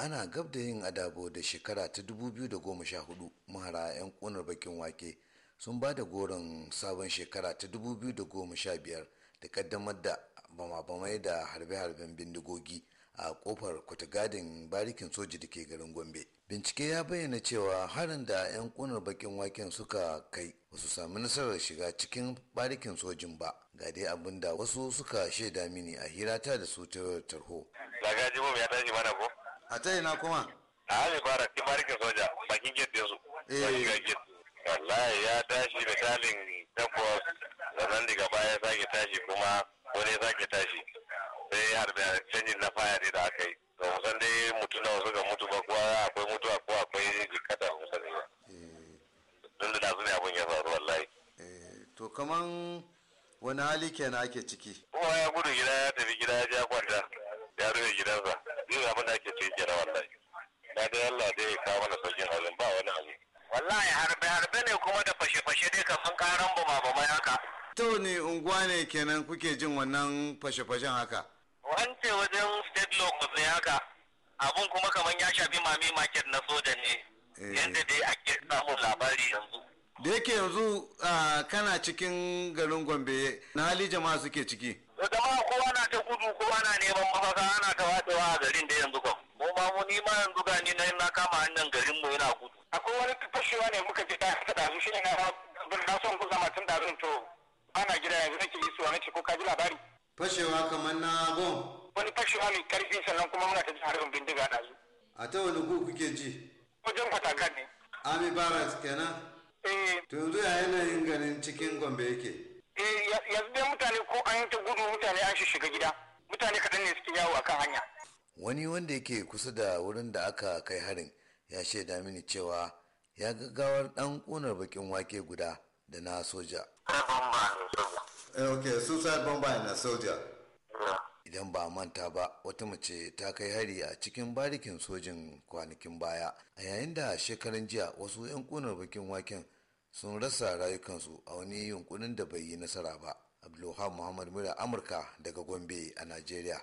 ana gab da yin adabo da shekara ta 2014 mahara 'yan kunar bakin wake sun ba da goron sabon shekara ta 2015 da kaddamar da bama-bamai da harbe-harben bindigogi a kofar kwatagadin barikin soji da ke garin gombe bincike ya bayyana cewa harin da 'yan kunar bakin waken suka kai ba su sami nasarar shiga cikin barikin sojin ba ga dai abin da wasu suka shaida mini a hirata da su ta tarho. Lagaji ya tashi mana ko? a ta ina kuma a hali fara ki barikin soja bakin gate su eh. wallahi ya tashi misalin takwas sannan daga baya sake tashi kuma wani sake tashi sai harbe canjin na faya ne da aka yi to musan dai mutu na wasu ga mutu ba kuwa akwai mutu ko akwai jikata musan ne eh. don da nasu ne abin ya faru wallahi eh, to kaman wani hali kenan ake ciki kowa ya gudu gida ya tafi gida ya ja dai abin da ake ce kenan wallahi na dai Allah dai ya mana saukin abin ba wani abu wallahi harbe harbe ne kuma da fashe fashe dai kafin karan bama bama haka to ne unguwa ne kenan kuke jin wannan fashe fashen haka wance wajen state locus ne haka abun kuma kaman ya shafi mami market na soja ne eh. yadda dai ake samun labari yanzu da yake yanzu kana cikin garin gombe na hali jama'a suke ciki jama'a kowa na ta gudu kowa na neman mafaka ana ta ni na kama hannun garin mu yana gudu akwai wani fashewa ne muka ji da ta dazu ne na bin na son kusa matan dazun to ana gida yanzu nake isuwa ce ko ka ji labari fashewa kamar na bom wani fashewa mai karfi sannan kuma muna ta ji harbin bindiga dazu a ta wani gu kuke ji wajen fatakan ne ami barat kenan eh to yanzu ya yanayin ganin cikin gombe yake eh yanzu dai mutane ko an ta gudu mutane an shiga gida mutane kaɗan ne suke yawo akan hanya wani wanda yake kusa da wurin da aka kai harin ya shaida mini cewa ya gaggawar dan kunar bakin wake guda da na soja eh, idan ba manta ba wata mace ta kai hari a cikin barikin sojin kwanakin baya a yayin da shekaran jiya wasu 'yan kunar bakin waken sun rasa rayukansu a wani yunkurin da bai yi nasara ba abdulhamid muhammad mura amurka daga gombe a najeriya